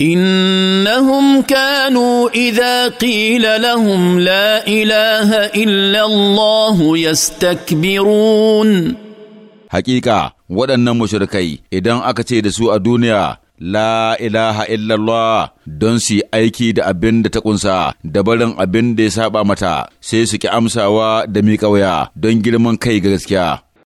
انهم كانوا اذا قيل لهم لا اله الا الله يستكبرون حقيقه waɗannan mushrikai idan aka ce da su a duniya la ilaha illallah don su yi aiki da abin da ta ƙunsa da barin abin da ya saba mata sai su ki amsawa da miƙa waya don girman kai ga gaskiya